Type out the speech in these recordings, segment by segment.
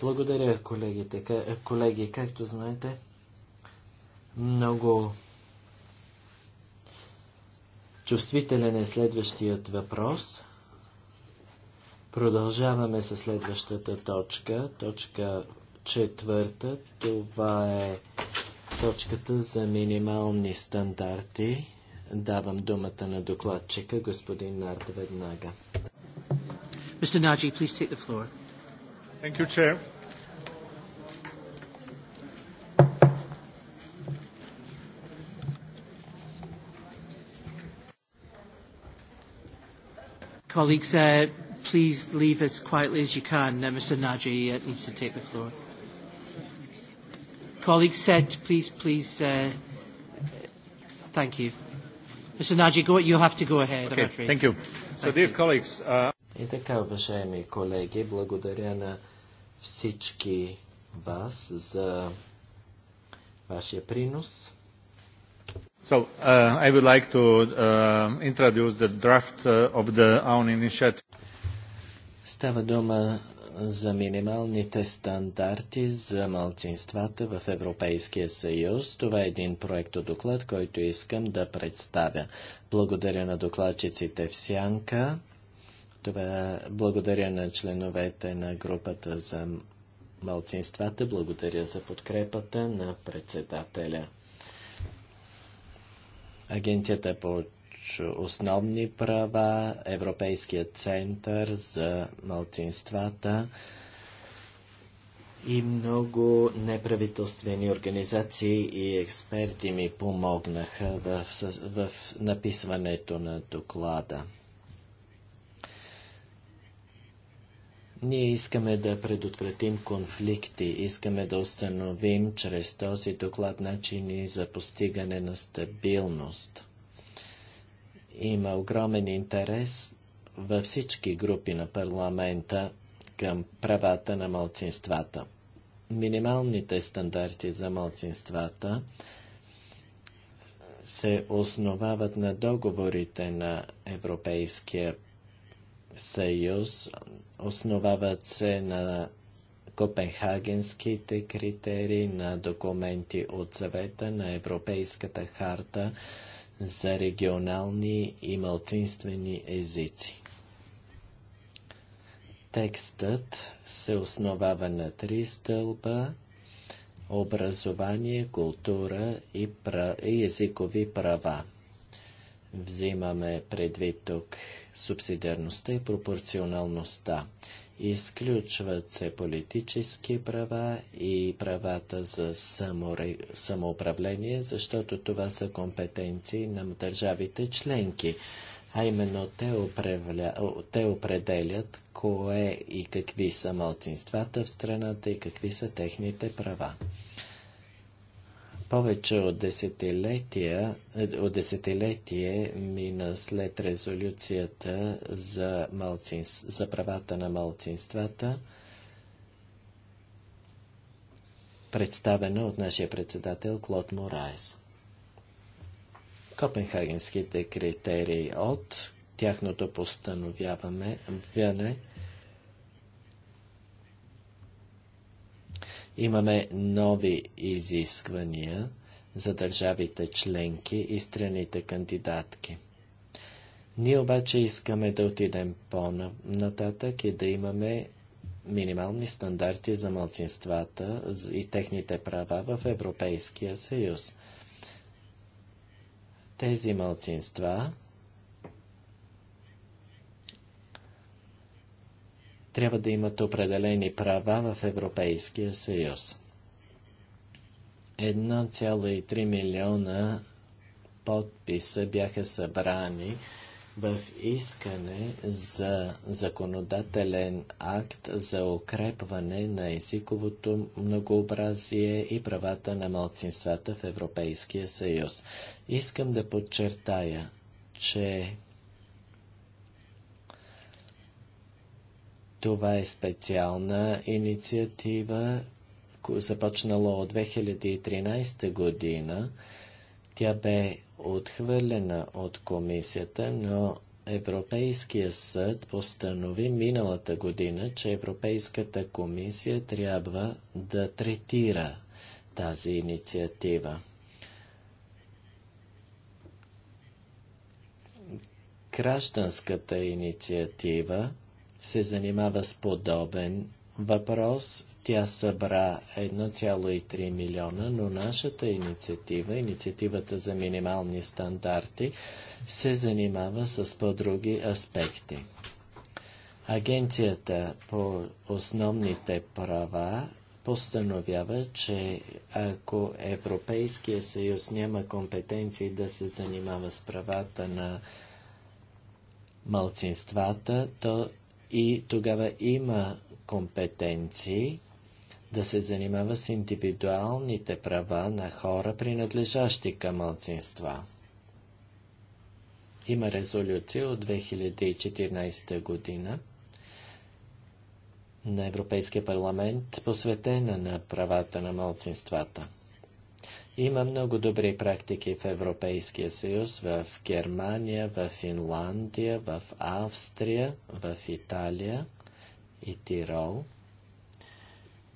Благодаря, колегите. Колеги, както знаете, много чувствителен е следващият въпрос. Продължаваме с следващата точка. Точка четвърта. Това е точката за минимални стандарти Давам думата на докладчика, господин Нарт, веднага. Mr. Nagy, please take the floor. Thank you, Chair. Colleagues, uh, please leave as quietly as you can. Uh, Mr. Nagy uh, needs to take the floor. Colleagues said, please, please, uh, thank you. Mr. Nagy, go, you have to go ahead, okay, I'm afraid. Thank you. So, dear colleagues, uh... И така, уважаеми колеги, благодаря на всички вас за вашия принос. So, uh, I would like to uh, introduce the draft uh, of the own initiative. Става дума за минималните стандарти за малцинствата в Европейския съюз. Това е един проектодоклад, който искам да представя. Благодаря на докладчиците в Сянка. Това благодаря на членовете на групата за малцинствата. Благодаря за подкрепата на председателя. Агенцията по основни права, Европейския център за малцинствата и много неправителствени организации и експерти ми помогнаха в, в написването на доклада. Ние искаме да предотвратим конфликти, искаме да установим чрез този доклад начини за постигане на стабилност – има огромен интерес във всички групи на парламента към правата на малцинствата. Минималните стандарти за малцинствата се основават на договорите на Европейския съюз, основават се на Копенхагенските критерии, на документи от съвета, на Европейската харта за регионални и малцинствени езици. Текстът се основава на три стълба – образование, култура и, пра... и езикови права. Взимаме предвид тук субсидиарността и пропорционалността. Изключват се политически права и правата за самоуправление, защото това са компетенции на държавите членки. А именно те, управля... те определят кое и какви са малцинствата в страната и какви са техните права. Повече от, десетилетия, е, от десетилетие мина след резолюцията за, малцин, за правата на малцинствата, представена от нашия председател Клод Морайс. Копенхагенските критерии от тяхното постановяване Имаме нови изисквания за държавите членки и страните кандидатки. Ние обаче искаме да отидем по-нататък и да имаме минимални стандарти за младсинствата и техните права в Европейския съюз. Тези младсинства трябва да имат определени права в Европейския съюз. 1,3 милиона подписа бяха събрани в искане за законодателен акт за укрепване на езиковото многообразие и правата на малцинствата в Европейския съюз. Искам да подчертая, че Това е специална инициатива, започнала от 2013 година. Тя бе отхвърлена от комисията, но Европейския съд постанови миналата година, че Европейската комисия трябва да третира тази инициатива. Гражданската инициатива се занимава с подобен въпрос. Тя събра 1,3 милиона, но нашата инициатива, инициативата за минимални стандарти, се занимава с по-други аспекти. Агенцията по основните права постановява, че ако Европейския съюз няма компетенции да се занимава с правата на малцинствата, то и тогава има компетенции да се занимава с индивидуалните права на хора, принадлежащи към мълцинства. Има резолюция от 2014 година на Европейския парламент, посветена на правата на мълцинствата. Има много добри практики в Европейския съюз, в Германия, в Финландия, в Австрия, в Италия и Тирол.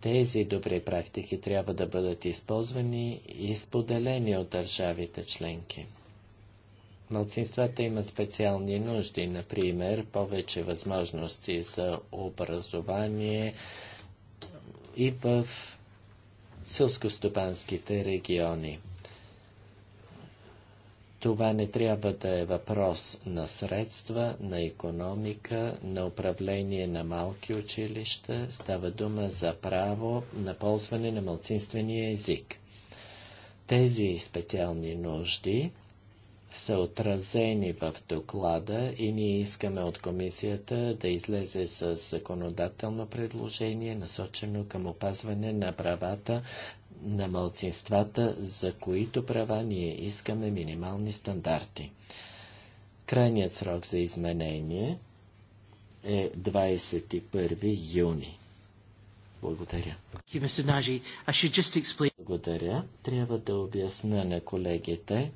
Тези добри практики трябва да бъдат използвани и споделени от държавите членки. Малцинствата имат специални нужди, например, повече възможности за образование и в сълскостопанските региони. Това не трябва да е въпрос на средства, на економика, на управление на малки училища. Става дума за право на ползване на малцинствения език. Тези специални нужди са отразени в доклада и ние искаме от комисията да излезе с законодателно предложение, насочено към опазване на правата на малцинствата, за които права ние искаме минимални стандарти. Крайният срок за изменение е 21 юни. Благодаря. Благодаря. Трябва да обясна на колегите,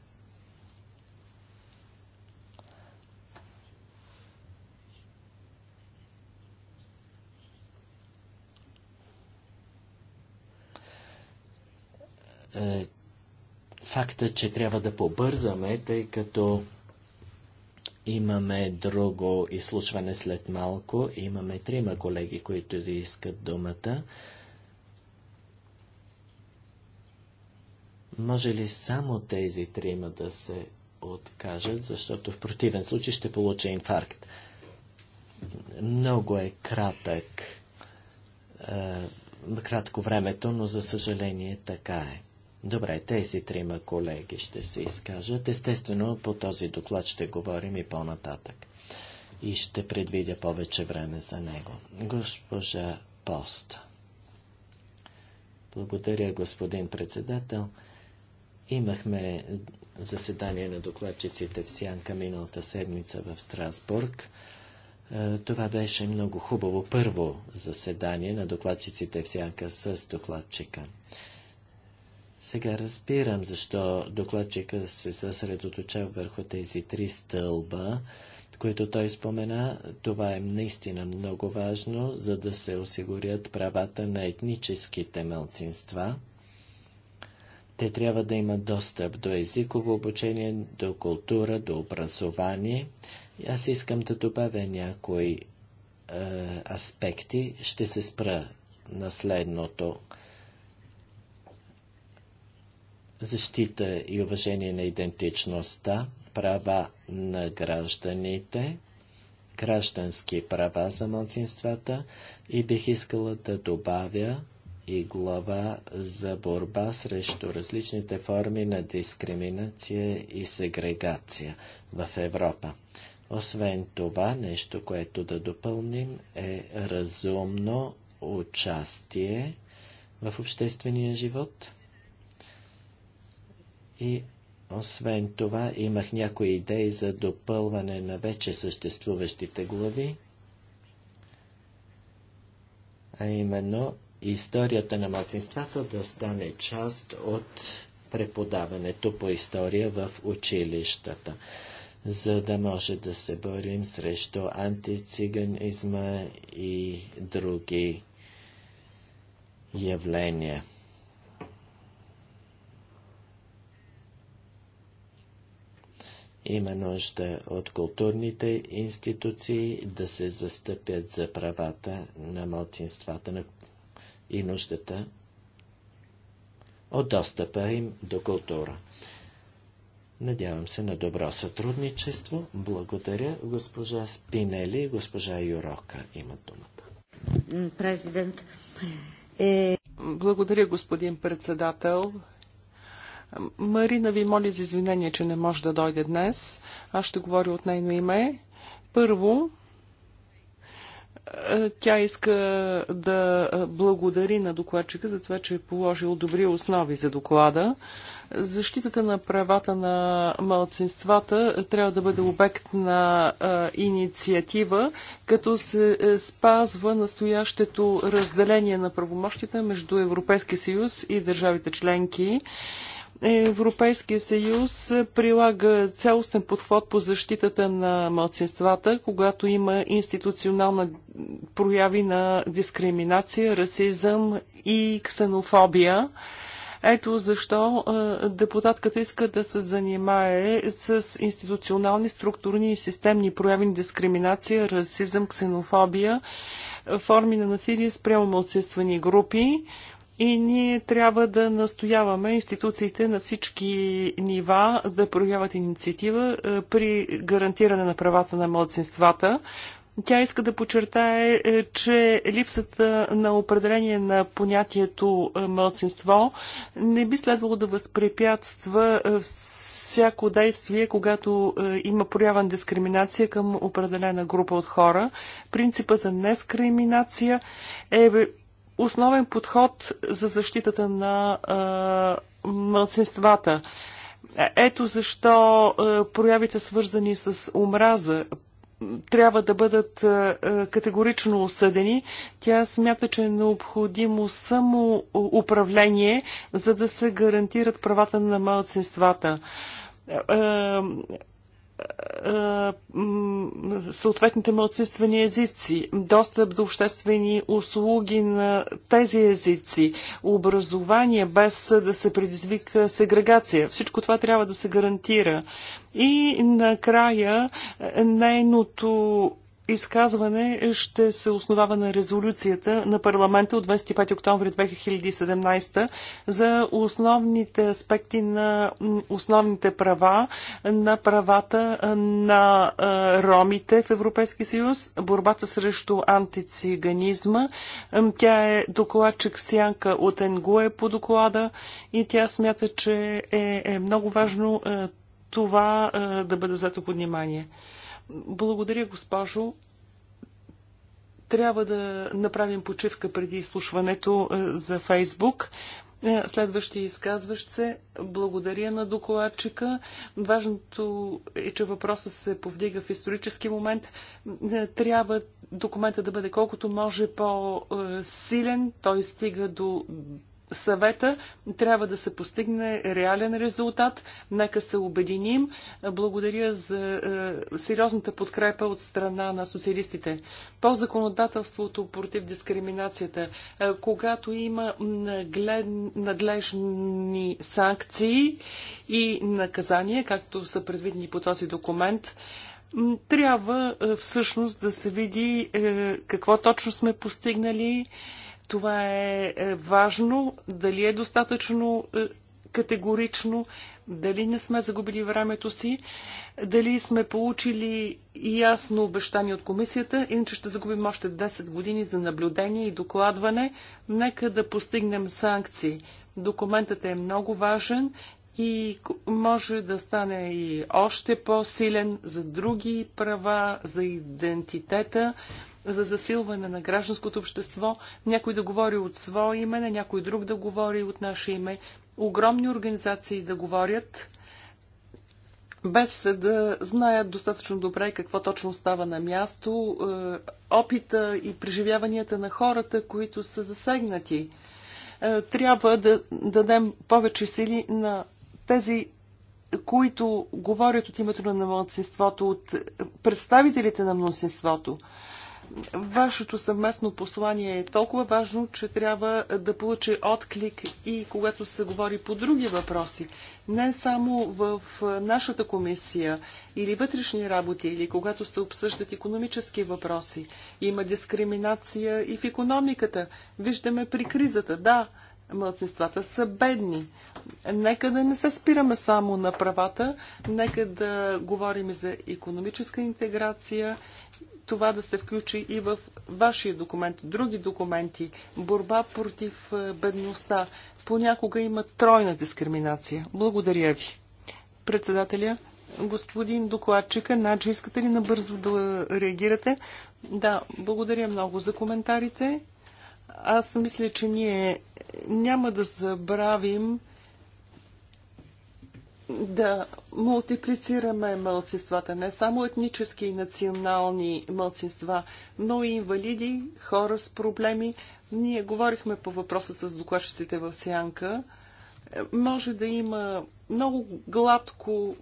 факта, че трябва да побързаме, тъй като имаме друго изслушване след малко. Имаме трима колеги, които да искат думата. Може ли само тези трима да се откажат, защото в противен случай ще получа инфаркт. Много е кратък. Е, кратко времето, но за съжаление така е. Добре, тези трима колеги ще се изкажат. Естествено, по този доклад ще говорим и по-нататък. И ще предвидя повече време за него. Госпожа Пост. Благодаря, господин председател. Имахме заседание на докладчиците в Сянка миналата седмица в Страсбург. Е, това беше много хубаво първо заседание на докладчиците в Сянка с докладчика. Сега разбирам защо докладчика се съсредоточава върху тези три стълба, които той спомена. Това е наистина много важно, за да се осигурят правата на етническите мълцинства. Те трябва да имат достъп до езиково обучение, до култура, до образование. И аз искам да добавя някои е, аспекти. Ще се спра на следното защита и уважение на идентичността, права на гражданите, граждански права за младсинствата и бих искала да добавя и глава за борба срещу различните форми на дискриминация и сегрегация в Европа. Освен това, нещо, което да допълним е разумно участие в обществения живот – и освен това имах някои идеи за допълване на вече съществуващите глави, а именно историята на младсинствата да стане част от преподаването по история в училищата, за да може да се борим срещу антициганизма и други явления. Има нужда от културните институции да се застъпят за правата на малцинствата и нуждата от достъпа им до култура. Надявам се на добро сътрудничество. Благодаря. Госпожа Спинели и госпожа Юрока имат думата. Президент. Е... Благодаря, господин председател. Марина ви моли за извинение, че не може да дойде днес. Аз ще говоря от нейно име. Първо, е, тя иска да е, благодари на докладчика за това, че е положил добри основи за доклада. Защитата на правата на малцинствата трябва да бъде обект на а, е, инициатива, като се спазва настоящето разделение на правомощите между Европейския съюз и държавите членки. Европейския съюз прилага цялостен подход по защитата на младсинствата, когато има институционална прояви на дискриминация, расизъм и ксенофобия. Ето защо депутатката иска да се занимае с институционални, структурни и системни прояви на дискриминация, расизъм, ксенофобия, форми на насилие спрямо младсинствени групи и ние трябва да настояваме институциите на всички нива да проявяват инициатива е, при гарантиране на правата на младсинствата, тя иска да подчертае, е, че липсата на определение на понятието е, мълцинство не би следвало да възпрепятства всяко действие, когато има проява на дискриминация към определена група от хора. Принципа за нескриминация е основен подход за защитата на а, младсинствата. Е, ето защо а, проявите свързани с омраза трябва да бъдат категорично осъдени. Тя смята, че е необходимо само управление, за да се гарантират правата на малцинствата. Е, е, съответните младсинствени езици, достъп до обществени услуги на тези езици, образование без да се предизвика сегрегация. Всичко това трябва да се гарантира. И накрая нейното изказване ще се основава на резолюцията на парламента от 25 октомври 2017 за основните аспекти на основните права, на правата на ромите в Европейски съюз, борбата срещу антициганизма. Тя е докладчик Сянка от Енгуе по доклада и тя смята, че е, е много важно това да бъде взето под внимание. Благодаря, госпожо. Трябва да направим почивка преди изслушването е, за Фейсбук. Е, следващия изказващ се. Благодаря на докладчика. Важното е, че въпросът се повдига в исторически момент. Е, трябва документа да бъде колкото може по-силен. Той стига до съвета трябва да се постигне реален резултат. Нека се обединим. Благодаря за е, сериозната подкрепа от страна на социалистите. По законодателството против дискриминацията, е, когато има наглед, надлежни санкции и наказания, както са предвидени по този документ, трябва е, всъщност да се види е, какво точно сме постигнали. Това е, е важно. Дали е достатъчно е, категорично, дали не сме загубили времето си, дали сме получили ясно обещание от комисията, иначе ще загубим още 10 години за наблюдение и докладване. Нека да постигнем санкции. Документът е много важен и може да стане и още по-силен за други права, за идентитета, за засилване на гражданското общество, някой да говори от свое име, някой друг да говори от наше име, огромни организации да говорят, без да знаят достатъчно добре какво точно става на място, е, опита и преживяванията на хората, които са засегнати. Е, трябва да дадем повече сили на тези които говорят от името на младсинството, от представителите на младсинството вашето съвместно послание е толкова важно, че трябва да получи отклик и когато се говори по други въпроси. Не само в нашата комисия или вътрешни работи, или когато се обсъждат економически въпроси. Има дискриминация и в економиката. Виждаме при кризата, да, младсинствата са бедни. Нека да не се спираме само на правата, нека да говорим за економическа интеграция, това да се включи и в вашия документ, други документи, борба против е, бедността. Понякога има тройна дискриминация. Благодаря ви. Председателя, господин докладчика, Наджи, искате ли набързо да реагирате? Да, благодаря много за коментарите. Аз мисля, че ние няма да забравим да мултиплицираме мълцинствата, не само етнически и национални мълцинства, но и инвалиди, хора с проблеми. Ние говорихме по въпроса с докладчиците в Сянка. Може да има много гладко,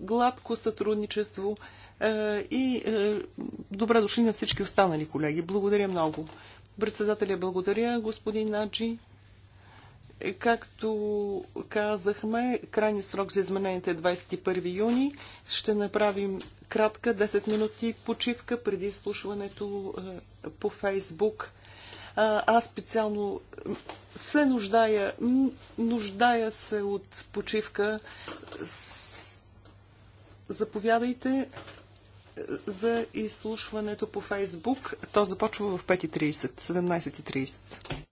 гладко сътрудничество е, и е, добре дошли на всички останали колеги. Благодаря много. Председателя благодаря, господин Наджи. Е, както казахме, крайни срок за измененията е 21 юни. Ще направим кратка 10 минути почивка преди слушването е, по Фейсбук. Аз специално се нуждая, нуждая се от почивка. Заповядайте е, за изслушването по Фейсбук. То започва в 5.30, 17.30.